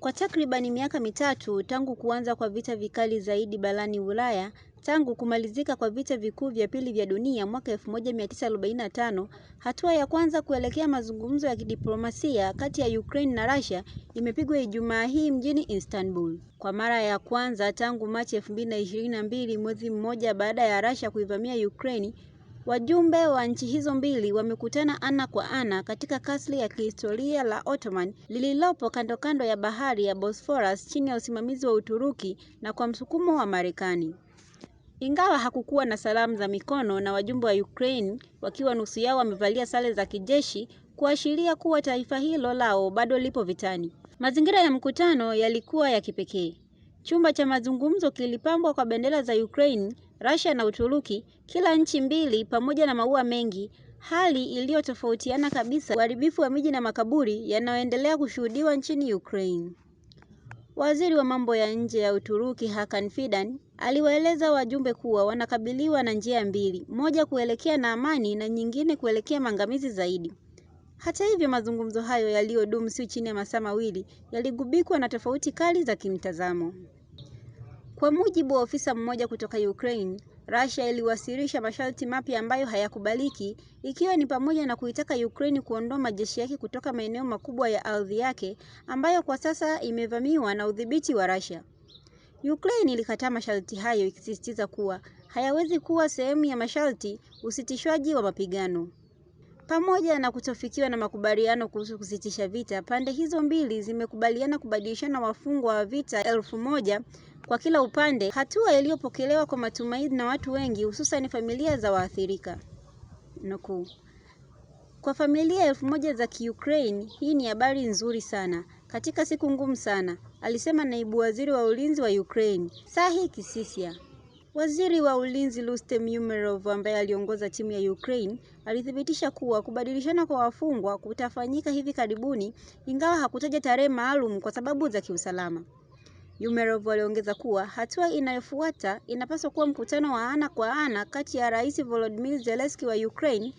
Kwa takribani miaka mitatu tangu kuanza kwa vita vikali zaidi barani Ulaya tangu kumalizika kwa vita vikuu vya pili vya dunia mwaka 1945, hatua ya kwanza kuelekea mazungumzo ya kidiplomasia kati ya Ukraine na Russia imepigwa Ijumaa hii mjini Istanbul. Kwa mara ya kwanza tangu Machi 2022, mwezi mmoja baada ya Russia kuivamia Ukraine Wajumbe wa nchi hizo mbili wamekutana ana kwa ana katika kasri ya kihistoria la Ottoman lililopo kando kando ya bahari ya Bosphorus chini ya usimamizi wa Uturuki na kwa msukumo wa Marekani. Ingawa hakukuwa na salamu za mikono na wajumbe wa Ukraine wakiwa nusu yao wamevalia sare za kijeshi kuashiria kuwa taifa hilo lao bado lipo vitani. Mazingira ya mkutano yalikuwa ya kipekee. Chumba cha mazungumzo kilipambwa kwa bendera za Ukraine, Russia na Uturuki, kila nchi mbili pamoja na maua mengi, hali iliyotofautiana kabisa uharibifu wa miji na makaburi yanayoendelea kushuhudiwa nchini Ukraine. Waziri wa mambo ya nje ya Uturuki, Hakan Fidan, aliwaeleza wajumbe kuwa wanakabiliwa na njia mbili, moja kuelekea na amani na nyingine kuelekea maangamizi zaidi. Hata hivyo, mazungumzo hayo yaliyodumu sio chini ya masaa mawili yaligubikwa na tofauti kali za kimtazamo. Kwa mujibu wa ofisa mmoja kutoka Ukraine, Russia iliwasilisha masharti mapya ambayo hayakubaliki ikiwa ni pamoja na kuitaka Ukraine kuondoa majeshi yake kutoka maeneo makubwa ya ardhi yake ambayo kwa sasa imevamiwa na udhibiti wa Russia. Ukraine ilikataa masharti hayo ikisisitiza kuwa hayawezi kuwa sehemu ya masharti usitishwaji wa mapigano. Pamoja na kutofikiwa na makubaliano kuhusu kusitisha vita, pande hizo mbili zimekubaliana kubadilishana wafungwa wa vita elfu moja kwa kila upande, hatua iliyopokelewa kwa matumaini na watu wengi, hususan familia za waathirika. Nukuu, kwa familia elfu moja za Kiukraine, hii ni habari nzuri sana katika siku ngumu sana, alisema naibu waziri wa ulinzi wa Ukraine Sahi Kisisia. Waziri wa ulinzi Rustem Umerov ambaye aliongoza timu ya Ukraine alithibitisha kuwa kubadilishana kwa wafungwa kutafanyika hivi karibuni, ingawa hakutaja tarehe maalum kwa sababu za kiusalama. Umerov aliongeza kuwa hatua inayofuata inapaswa kuwa mkutano wa ana kwa ana kati ya Rais Volodymyr Zelensky wa Ukraine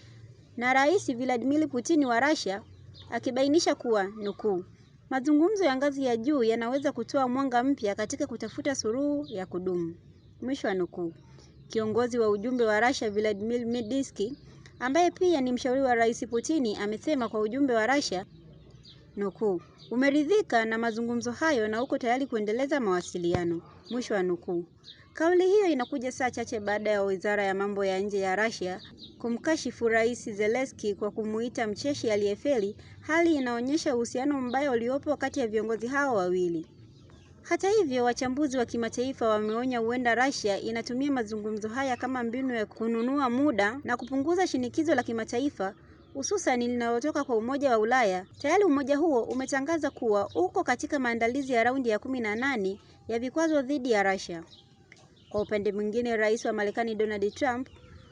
na Rais Vladimir Putin wa Russia, akibainisha kuwa nukuu, mazungumzo ya ngazi ya juu yanaweza kutoa mwanga mpya katika kutafuta suluhu ya kudumu, mwisho wa nukuu. Kiongozi wa ujumbe wa Russia Vladimir Medinsky ambaye pia ni mshauri wa Rais Putin amesema kwa ujumbe wa Russia nukuu, umeridhika na mazungumzo hayo na uko tayari kuendeleza mawasiliano, mwisho wa nukuu. Kauli hiyo inakuja saa chache baada ya wizara ya mambo ya nje ya Russia kumkashifu Rais Zelensky kwa kumuita mcheshi aliyefeli, hali inaonyesha uhusiano mbaya uliopo kati ya viongozi hao wawili. Hata hivyo, wachambuzi wa kimataifa wameonya huenda Russia inatumia mazungumzo haya kama mbinu ya kununua muda na kupunguza shinikizo la kimataifa hususan linalotoka kwa Umoja wa Ulaya. Tayari umoja huo umetangaza kuwa uko katika maandalizi ya raundi ya kumi na nane ya vikwazo dhidi ya Russia. Kwa upande mwingine, Rais wa Marekani Donald Trump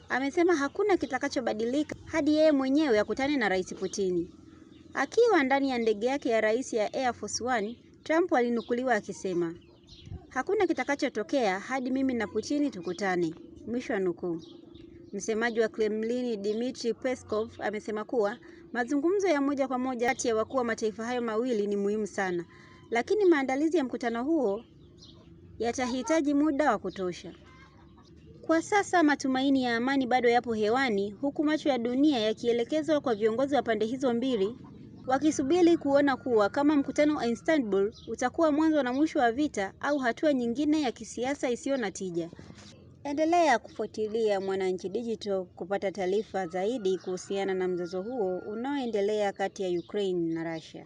amesema hakuna kitakachobadilika hadi yeye mwenyewe akutane na Rais Putin. Akiwa ndani ya ndege yake ya rais ya Air Force One, Trump alinukuliwa akisema, hakuna kitakachotokea hadi mimi na Putin tukutane. Mwisho wa nukuu. Msemaji wa Kremlin Dmitry Peskov amesema kuwa mazungumzo ya moja kwa moja kati ya wakuu wa mataifa hayo mawili ni muhimu sana, lakini maandalizi ya mkutano huo yatahitaji muda wa kutosha. Kwa sasa matumaini ya amani bado yapo hewani, huku macho ya dunia yakielekezwa kwa viongozi wa pande hizo mbili wakisubiri kuona kuwa kama mkutano wa Istanbul utakuwa mwanzo na mwisho wa vita au hatua nyingine ya kisiasa isiyo na tija. Endelea kufuatilia Mwananchi Digital kupata taarifa zaidi kuhusiana na mzozo huo unaoendelea kati ya Ukraine na Russia.